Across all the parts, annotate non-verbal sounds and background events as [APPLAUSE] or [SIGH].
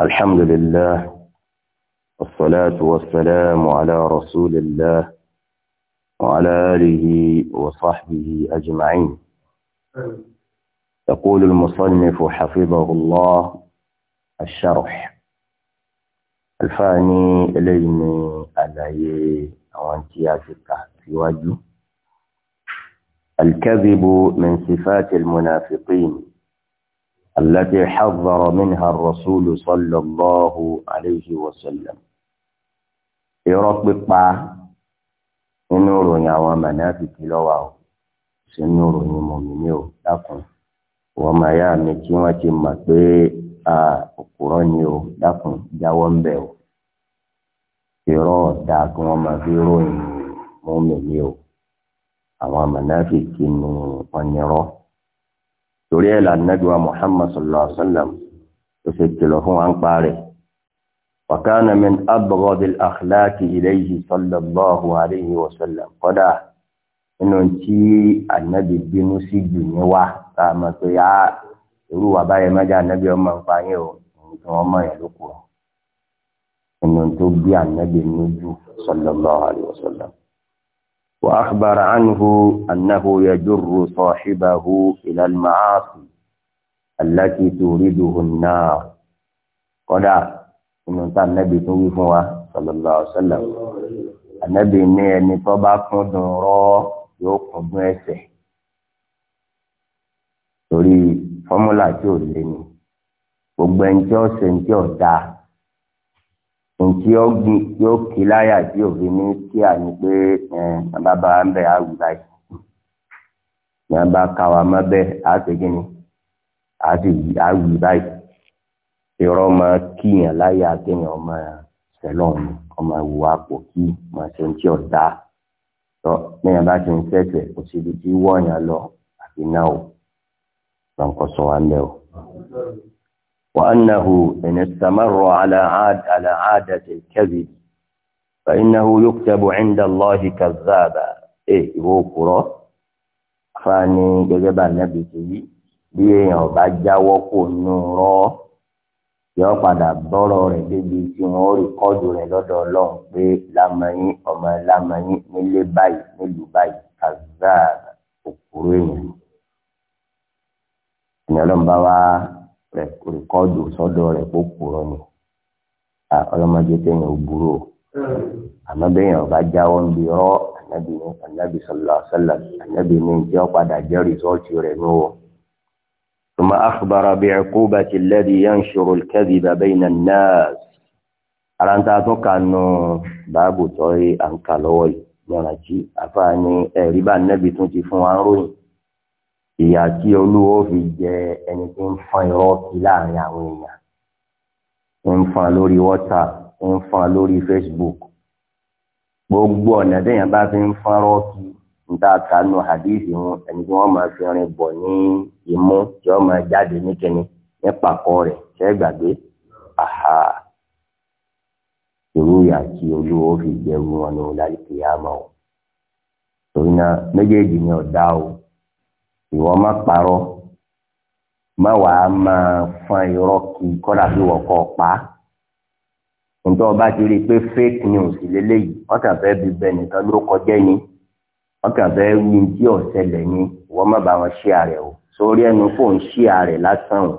الحمد لله والصلاة والسلام على رسول الله وعلى آله وصحبه أجمعين يقول المصنف حفظه الله الشرح الفاني إليه علي وانتياتك في وجه الكذب من صفات المنافقين التي حذر منها الرسول صلى الله عليه وسلم irọ́ pípa nínú ìròyìn àwọn mọ̀nàfíkì lọ́wọ́ o sí nínú ìròyìn mọ̀mìnì o dákun wọ́n máa yá mi tí wọ́n ti mọ̀ pé òkúrọ́ ni o dákun jáwọ́ ń bẹ̀ o irọ́ ọ̀dà kí wọ́n máa fi ròyìn mọ̀mìnì o àwọn mọ̀nàfíkì ni wọ́n nírọ́ torí ẹ̀ là nàbíwá muhammad sallallahu alaihi wa sallam tó ṣe kìlọ̀ fún wa ń parẹ́ wàkánà min abghadil akhlaqi ilayhi sallallahu alaihi wa sallam kọ́dà nínú tí ànábì bínú sí jù ní wa tá a mọ̀ irú wa báyẹn má jẹ́ ànábì ọmọ nǹkan yẹn o nǹkan ọmọ yẹn ló kù nínú tó bí ànábì níjú sallallahu alaihi wa sallam. وأخبر عنه أنه يجر صاحبه إلى المعاصي التي تورده النار قد إن النبي توفى صلى الله عليه وسلم النبي ني طبعا قدرا يقوم بأسه torí fọ́múlà tí ò lé ní gbogbo ẹni tí ó ṣe ń tí ò dáa ntí ó gbin yóò kí láyà tí òfin ní kí à ní pé bàbá ń bẹ àwù láì ní a bá ka wa má bẹ á ti kí ni á ti yí àwù báyìí irọ́ máa kíyàn láyà kéèyàn máa sẹ́lọ̀n ni ọmọ ìwò àpò kí máa ṣe ń tí ọ̀dà tọ́ lẹ́yìn bá ti ń fẹ̀fẹ̀ kò síbi tí wọ́ọ̀yàn lọ àfi náà o lọ́nkọ́ sọ wa ń bẹ o. وأنه إن استمر على عاد على عادة الكذب فإنه يكتب عند الله كذابا إيه هو قرأ فاني جاب النبي تي bí èèyàn bá jáwọ́ kò nù rọ́ yọ padà bọ́rọ̀ rẹ̀ débi tí wọ́n rí kọ́ọ̀dù rẹ̀ lọ́dọ̀ ọlọ́run pé lamẹ́yìn ọmọ lamẹ́yìn nílé báyìí nílùú báyìí kàzáà òkúrò èèyàn. ìyẹn ló ń bá wa rẹkọọdù sọ́dọ̀ rẹ̀ kó kúrọ ni ọlọmọdé tẹyìn ògbúrò àmọ́ bẹyìn ọba jáwọ́ ń bi ọ ànábì ní ànábì sọlọ sọlọ ànábì ní tí ó padà jẹ rìsọọtì rẹ̀ níwọ. ثم أخبر بعقوبة الذي ينشر الكذب بين الناس ara ń أنه بابو توي báàbù tọ́rí àǹkà lọ́wọ́ yìí ní ọ̀nà tí ìyà tí olúwo fi jẹ ẹni tí ń fan irọ́ kí láàrin àwọn èèyàn ń fan lórí WhatsApp ń lórí Facebook gbogbo ọ̀nà téèyàn bá fi ń fan irọ́ kí níta kanu hadithi wọn ẹni tí wọn máa fi rin bọ̀ ní imú tí wọn máa jáde níkẹni nípa kọ rẹ ṣe é gbàgbé irú ìyà ìwọ má parọ́ má wàá máa fọn irọ́ kí kọ́dà bí wọ́n kọ́ pa á nítorí ọba ti rí i pé fake news lélẹ́yìí wọ́n kàn bí bẹ́ẹ̀ nìkan ló kọjá ni wọ́n kàn fẹ́ wí tí ò ni ìwọ má bá wọn ṣí ààrẹ o sórí ẹnu kò ń ṣí ààrẹ lásán o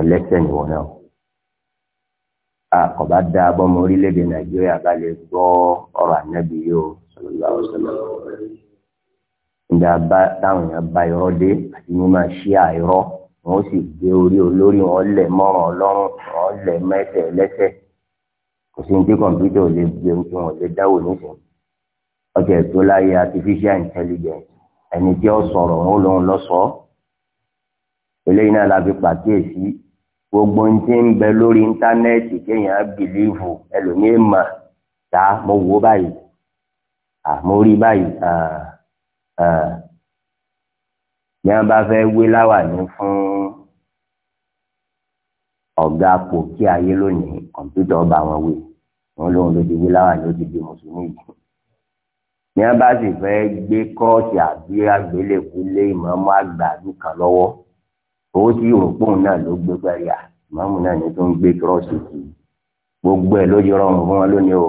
ẹlẹ́sẹ̀ nìwọ náà o àkọ́bá dá abọ́mọ orílẹ̀-èdè nàìjíríà bá lè gbọ́ ọ̀rọ̀ ànábìyí o nígbà bá táwọn èèyàn bá irọ́ dé àti ní máa ṣí àìrọ́ wọn ó sì gbé orí olórí wọn lẹ̀ mọ́ràn ọlọ́run wọn lẹ̀ mẹ́sẹ̀ lẹ́sẹ̀ kò sí ní tí kọ̀ǹpútà ò lè gbé tí wọn ò lè dáwò nísìnyí ọjà ètò láyé artificial intelligence ẹni tí ó sọ̀rọ̀ òun lòun lọ sọ eléyìí náà la fi pàkíyèsí gbogbo ń ti ń bẹ lórí íńtánẹ́ẹ̀tì kéèyàn bìlíìfù ẹlòmíín mà tá mo wò báyìí à mo rí báyìí ní eh, wọn bá fẹ́ wé láwàní fún ọ̀gá kò kí ayé lónìí kọ̀mpútà ọba wọn wé wọn lóun ló ti wé láwàní ó ti di mùsùlùmí yìí ní wọn bá sì fẹ́ gbé kọ́ọ̀tì àbí àgbélẹ̀kú lé ìmọ̀ọ́mọ́ àgbà nìkan lọ́wọ́ owó tí òǹpóun náà ló gbé pẹ́ẹ́rì à ìmọ̀ọ́mù náà ni tó ń gbé kírọ́ọ̀sì kì í gbogbo ẹ̀ ló yọrọ̀ fún wọn lónìí o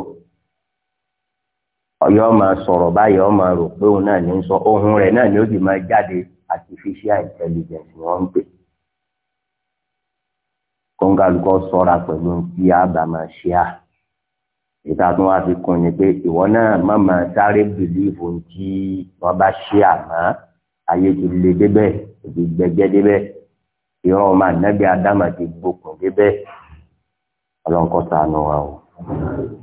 ọyọ máa sọ̀rọ̀ báyìí ọ máa rò pé òun náà ní sọ ohun rẹ̀ náà ni ó sì máa jáde artificial intelligence ni wọ́n ń pè kóńgálùkọ ṣọ́ra pẹ̀lú tí a bá máa ṣe à ìta tún wá fi kún ni pé ìwọ náà má máa sáré bìlíìfù tí wọ́n bá ṣe àmọ́ ayé ti le débẹ̀ ti gbẹgbẹ débẹ̀ ìran ọmọ ànábì ádámà ti gbókun débẹ̀ ọlọ́nkọ́ta nù wa o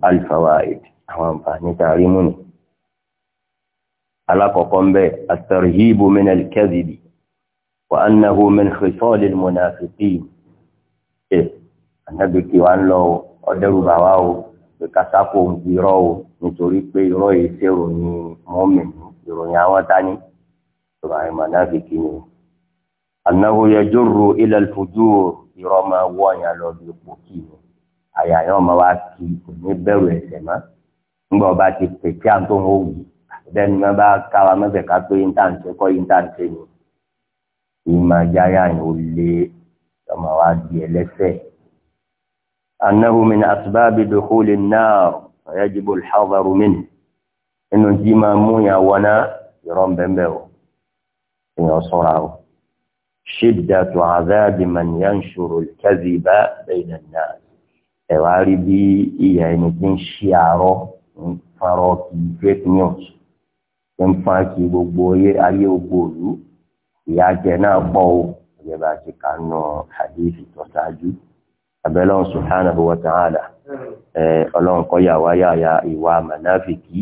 alifawa èdè àwọn àǹfààní tá a rí mú ni. alákọ̀ọ́kọ́ ń bẹ́ at-tarhibu min al-kadhibi wa annahu min khisal al-munafiqin. ẹ ànábi kí wàá ń lọ ọdẹrù bàwá o pé kásákò ń fi irọ́ o nítorí pé irọ́ yìí ṣe ìròyìn mọ́mìnì ìròyìn àwọn tání ìròyìn mọ̀nàfíkì ni. annahu yajurru ila al-fujur irọ́ máa wọ̀ lọ bí ipò kì í àyà yẹn ọmọ wa kì í ní bẹ̀rù ẹ̀ṣẹ̀ máa ńgbà ọba ti pè kí à ń tó ń wò wù bẹ́ẹ̀ ni wọ́n bá ká wa mọ́fẹ̀ ká pé íńtáǹtì kọ́ íńtáǹtì ni ìmọ̀ àjáyà yẹn ò lè ọmọ wa di ẹlẹ́sẹ̀. annahu min asbab dukhul an-nar yajibu al-hadaru minhu inú tí máa mú yàn wọná ìrọ̀ o èèyàn sọ̀ra o. shiddatu azabi man yanshuru al bayna an-nas ẹ̀wá rí bí ìyá ẹni tí ń ṣí àárọ̀ ń farọ kì í fake news ń fa kì í gbogbo ayé gbogbo òlu ìyá jẹ náà pọ̀ o ìyẹn bá ti kà nù hadith tó ṣáájú abẹ́lẹ́ subhanahu wa ta'ala ọlọ́run kọ́ yà wá yà yà ìwà mànáfìkì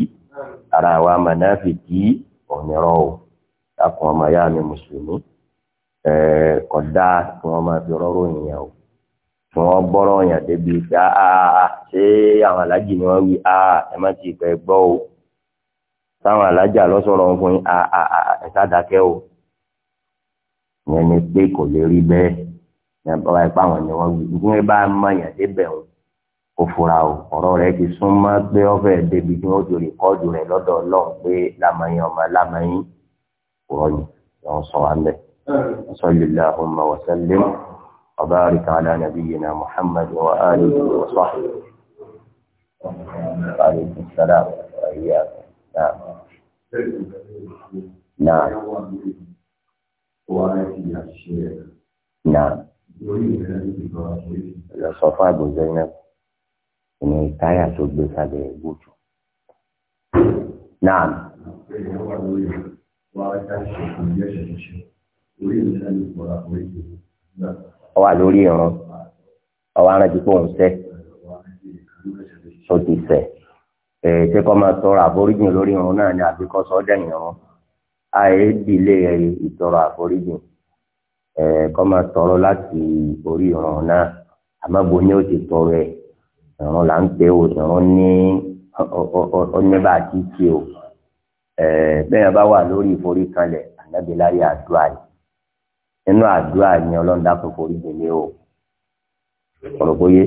ara àwa mànáfìkì ọ̀nìrọ̀ o dákun ọmọ yà ni mùsùlùmí kódà kí wọ́n máa fi rọ́rùn yẹn o wọn bọrọ yàn débi pé aa ah, ah, ah, ṣé àwọn alájì ni wọn wí aa ẹ má ti pẹ gbọ́ o táwọn alájà lọsọrọ ń fún yín aa ẹ sádàkẹ o ìyẹn ni pé kò lè rí bẹ́ẹ̀ nípa ipá wọn ni wọn wí ní bá mọ yàn débẹ̀ o kò fura o ọ̀rọ̀ rẹ̀ ti súnmọ́ pé ọfẹ débi tí wọn ti rìkọọdù rẹ̀ lọ́dọ̀ Ọlọ́run pé lamẹyìn ọmọ lamẹyìn kò rọyìn lọ sọ wa mẹ sọlẹ lọhùn mọ wọsẹlẹ. وبارك على نبينا محمد وآله وصحبه وعليكم السلام وإياك نعم نعم نعم صفاء بن زينب نهتايا تبسا بوجو نعم نعم ọ wà lórí irun ọ wà rántí pé òun sẹ ó ti sẹ ẹ ṣé kọ́ máa tọrọ àforíjìn lórí irun náà ni àbí kọ́ sọ dẹ̀yìn irun àyè dìlé ìtọrọ àforíjìn ẹ kọ́ máa tọrọ láti orí irun náà àmọ́ bo ni ó ti tọrọ ẹ irun là ń pè ó irun ní oníbàtí tí o bẹ́ẹ̀ bá wà lórí ìforíkanlẹ̀ ànábìlárí àdúrà yìí nínú àdúrà ni ọlọ́run dákun forí jèlé o ọ̀rọ̀ bóyé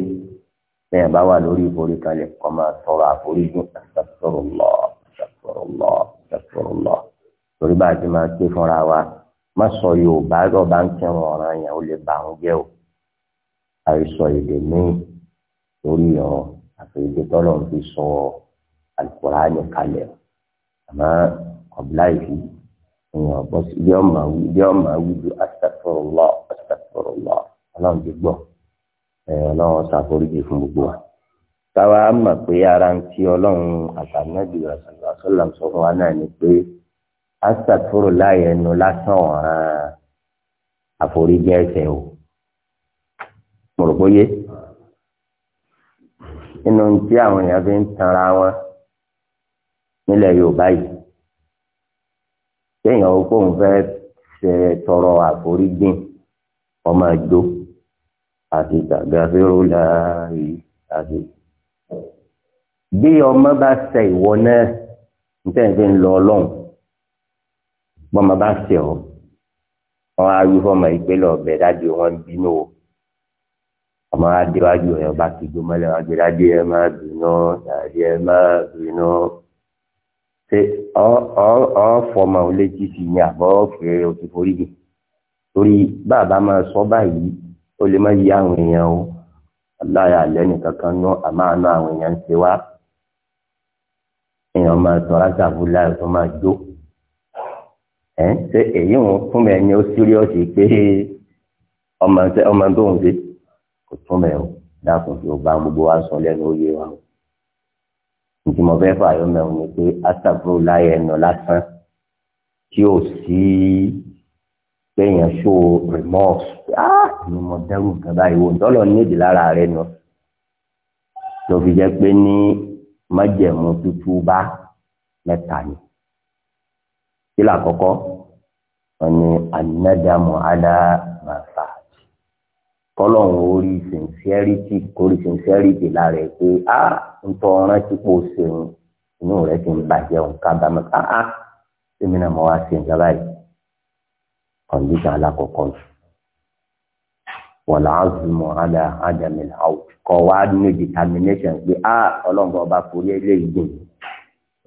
bẹ́ẹ̀ bá wà lórí ìforí kalẹ̀ kọ́ máa tọrọ àforíjì astaghfirullah astaghfirullah astaghfirullah torí bá a ti máa ké fúnra wa má sọ yorùbá rọ bá ń kírun ọ̀ràn yẹn ó lè bà ń jẹ́ o àìsọ èdè míì lórí ọ̀ àfẹ́yẹ́dẹ́ tọ́lọ̀ ń fi sọ àlùkùránì èèyàn bọ́ sí yọ máa wí yọ máa wí ju astagfirullah astagfirullah ọlọ́run ti gbọ́ ọlọ́run ṣàforíjì fún gbogbo wa. táwa mọ̀ pé ara ń tí ọlọ́run àtàmẹ́bí rẹ̀ sọ̀rọ̀ sọ fún wa náà ni pé astagfirullah yẹn nu lásán ọ̀ràn àforíjì ẹ̀ṣẹ̀ o. mo rò bóyé inú tí àwọn èèyàn fi ń tanra wọn nílẹ̀ Yorùbá yìí kéèyàn ó kóun fẹ́ ṣe tọrọ àforíjìn ọmọ ìjó àti gàgàfẹ́rò láàyè àti. bí ọmọ bá ṣe ìwọ náà nítorí pé ń lọ ọlọ́run bọ́mọ bá ṣe ọ wọn á wí fọmọ yìí pé lọ́ọ̀bẹ dájú wọn bínú o ọmọ adéwájú ẹ̀ ọba kìjọ mọ́lẹ̀ wọn adéwájú ẹ̀ máa bínú àdé ẹ̀ máa bínú ọ̀ọ́ fọmọ létí sí ni àbọ̀ fèrè òtún forí mi torí bàbá máa sọ báyìí ó lè má yí àwọn èèyàn o aláya àlẹ́ nìkan kan ná àmọ́ àná àwọn èèyàn ń ṣe wá èèyàn máa sọ ráṣàbù láì tó máa jó ẹ̀ ṣe èyí ń fún mi ẹni ó síríọ̀sì pé ọmọ tó ń ṣe kò tún mẹ́ o dákun tí o bá gbogbo wa sọ lẹ́nu ó yé wa o nítorí mo fẹ́ fà yọ mẹ́rin ni pé astagfuru láyé ẹnu lásán tí ò sí péyàn ṣó remorse ah ni mo dẹ́rù nǹkan báyìí wò ńdọ́lọ̀ nídìí lára rẹ nu tó fi jẹ́ pé ní májẹ̀mú tútù bá mẹ́ta ni kí làkọ́kọ́ wọn ni anadamu ala ma kọ́lọ́hún orí sincerity kórì sincerity lára ẹ̀ pé a ń tọ́ ọ̀rán tí kò ṣeun inú rẹ̀ ti ń bàjẹ́ òun kábàámọ̀ káà èmi náà mo wá ṣe nǹkan báyìí kọ̀ǹdíṣàn alákọ̀ọ́kọ́ yìí wọ̀lá azumu ala adami out kọ̀ wá ní determination pé a ọlọ́run ọba forí eléyìí dùn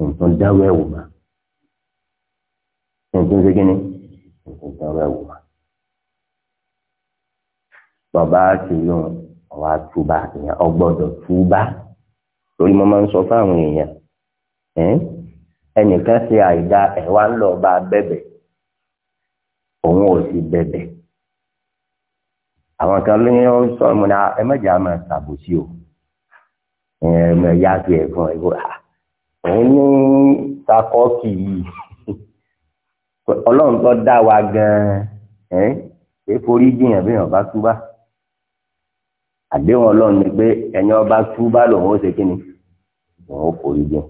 nǹkan dáwọ́ ẹ̀wò mà nǹkan ṣe kí ni nǹkan dáwọ́ ẹ̀wò mà bàbá ti yàn ọ̀wá túbà ìyẹn ọgbọ́dọ̀ túbà torí mo máa ń sọ fáwọn èèyàn ẹnìkan ṣe àìdá ẹ̀ wá ń lọ bá bẹ̀bẹ̀ òun ò sì bẹ̀bẹ̀ àwọn kan ló ń sọ ọmọ náà ẹ mọ̀jà máa ṣàbòsí o ẹ yá sí ẹ̀fọn ẹ̀fọn òun ní sakọ́ọ̀kì yìí [LAUGHS] ọlọ́run tó dá wa gan-an ẹ̀ ẹ̀ forí jiyàn bí wọn bá túbà àdéhùn ọlọ́run ni pé ẹni ọba túbá lòun ó ṣe kí ni òun ó forí jìn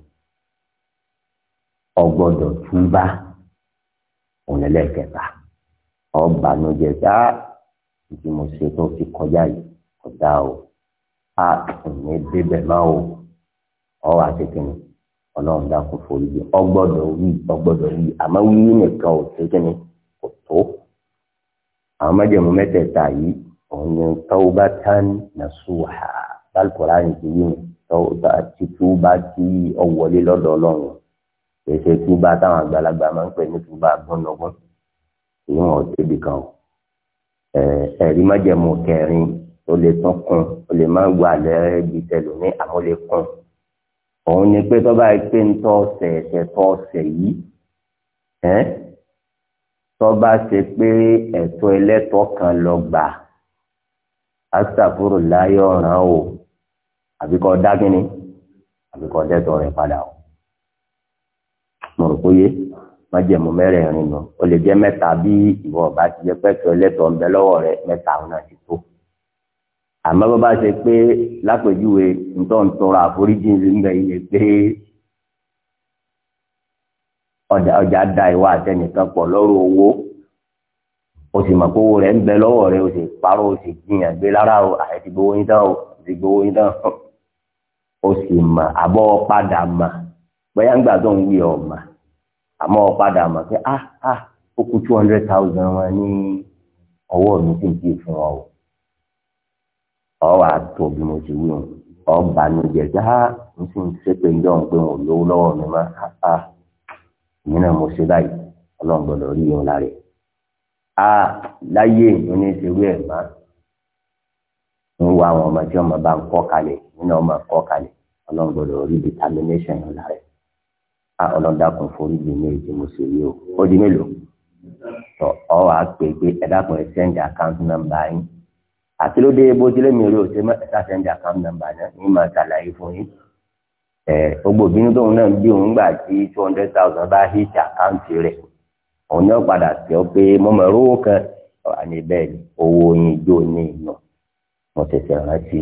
ọgbọ́dọ̀ túbá òun ẹlẹ́kẹta ọbànújẹ́ tá ah, ìdí mo ṣe tó fi kọjá yìí kọjá o a ah, òní débẹ̀ máa o ọ wà ṣe kí ni ọlọ́run dákun forí jìn ọgbọ́dọ̀ wí ọgbọ́dọ̀ wí àmọ́ wíwí nìkan ò ṣe kí ni kò tó àwọn májèmú mẹ́tẹ̀ẹ̀ta yìí òun ni tawbatan nasuha bálùkọ́lá ní ti yí ti túbà tí ọ wọlé lọ́dọ̀ ọlọ́run èsè túbà táwọn àgbàlagbà máa ń pè ní túbà gbọ́nọ́gbọ́n èyí wọn ò débi kan e, o ẹ̀rí májẹ̀mú kẹrin ó lè tán kún ó lè má gbọ́ àlẹ́ bíi tẹ̀lé ní àmúlé kún òun ni pé tọ́ba pé ń tọ́ ọ̀sẹ̀ ẹ̀sẹ̀ tọ́ ọ̀sẹ̀ yìí tọ́ba ṣe pé ẹ̀tọ́ ẹlẹ́tọ́ kan lọ gbà asàfúrò láyé ọ̀ràn o àbí kọ́ dákínní àbí kọ́ dẹ́tọ̀ rẹ̀ padà o. mo rò pé má jẹ́ mo mẹ́rẹ̀ẹ̀rin nù o lè jẹ́ mẹ́ta bí ìwọ ọba ti jẹ́ pẹ́kẹ́ ọlẹ́tọ̀ọ́ ń bẹ lọ́wọ́ rẹ mẹ́ta àwọn náà ti tó. àmọ́ bó bá ṣe pé lápèjúwe ntọ́ ń tọrọ àforíjì ń bẹ yìí pé ọjà da ìwà àtẹnìkan pọ̀ lọ́rọ̀ owó o sì mọ̀ pé owó rẹ̀ ń bẹ lọ́wọ́ rẹ̀ o sì parọ́ o sì jiyàn gbé lára o àti gbowó yín tán o ti gbowó yín tán o [LAUGHS] sì mọ̀ àbọ̀ padà mọ̀ bóyá ń gbà tó ń wí ọ̀ mọ̀ àmọ́ padà mọ̀ pé ah ah ó kú two hundred thousand wọn ní ọwọ́ mi sì ń kí fún ọ o ọ wà tó bí mo ti wí o ọ bà mí jẹ já n ah, sì ń ṣépè ńjọ ń pé mo lówó lọ́wọ́ mi má ah ah ìyẹn náà mo ṣe báyìí ọlọ́run gbọ́dọ̀ rí yẹn lára ẹ̀. a láyé ìlú ní ìṣerú ẹ̀ má ń wá àwọn ọmọ tí ọmọ bá ń kọ́ kalẹ̀ nínú ọmọ kọ́ kalẹ̀ ọlọ́run gbọ́dọ̀ determination a ọlọ́dà forí di ọ wà á pè pé ẹ send account number yín àti lóde bó tilẹ̀ mi rí o ṣe mẹ́ta send account number náà ní màá ṣàlàyé fún yín ẹ gbogbo ìbínú tóun náà bí òun gbà two hundred thousand bá hit account òun náà padà sí ọ pé mo mọ̀ rówó kan àní bẹ́ẹ̀ ni owó yín jó ní ìnà mo tẹ̀sẹ̀ rántí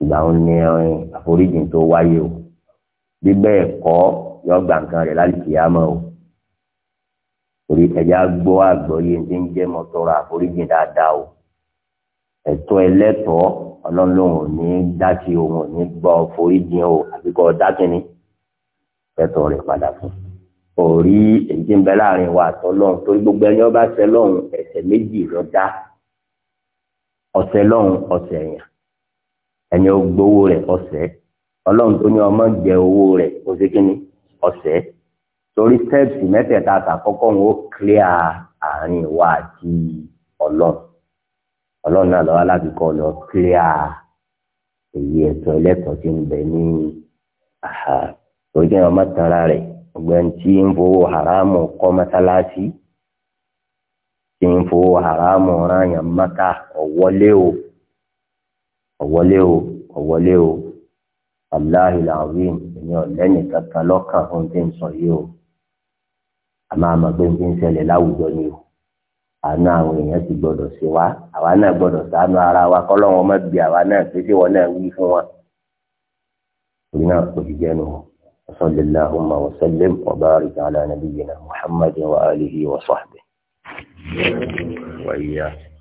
ìgbà òun ni àforíjì tó wáyé o bí bẹ́ẹ̀ kọ́ yọ gbà nǹkan rẹ̀ láti kìyàmọ́ o torí ẹja gbọ́ àgbọ́yé ní ń jẹ́ mọ́tòrò àforíjì dáadáa o ẹ̀tọ́ ẹlẹ́tọ̀ọ́ ọlọ́run ò ní dákì òun ò ní gbọ́ foríjì o àbíkọ́ dákìní ẹ̀tọ́ rẹ̀ padà fún un òrí èyí ń bẹ láàrin wa àtọ lọhùn torí gbogbo ẹni ọba ṣẹ lọhùn ẹsẹ méjì lọdá ọsẹ lọhùn ọsẹ yàn ẹni ó gbowó rẹ ọsẹ Ọlọ́run tó ní ọmọ jẹ owó rẹ ó ṣe kí ni ọsẹ torí steps mẹ́tẹ̀ẹ̀ta àtàkọ́kọ́ ń ó clear àárín wa àti Ọlọ́run Ọlọ́run náà lọ́wọ́ láti kọ lọ clear èyí ẹ̀tọ́ ẹlẹtọ tí ń bẹ ní àhà torí kí ni ọmọ tanra rẹ ọ̀gbẹ́ni tí ń fowó haramu kọ́ mọ́sálásí tí ń fowó haramu ráyàn mọ́ta ọ̀wọ́lé o ọ̀wọ́lé o ọ̀wọ́lé o aláhi làwìn èmi ọ̀lẹ́ni kankan lọ́kàn fún tí ń sọ yìí o àmọ́ àmọ́ pé ń ti ń ṣẹlẹ̀ láwùjọ ni o àánú àwọn èèyàn ti gbọdọ̀ sí wa àwa náà gbọdọ̀ ṣàánú ara wa kọ́lọ́wọ́n má bi àwa náà pé ṣé wọn náà wí fún wa torí náà kò sì jẹ́ wọn. وصل اللهم وسلم وبارك على نبينا محمد وآله وصحبه وإياه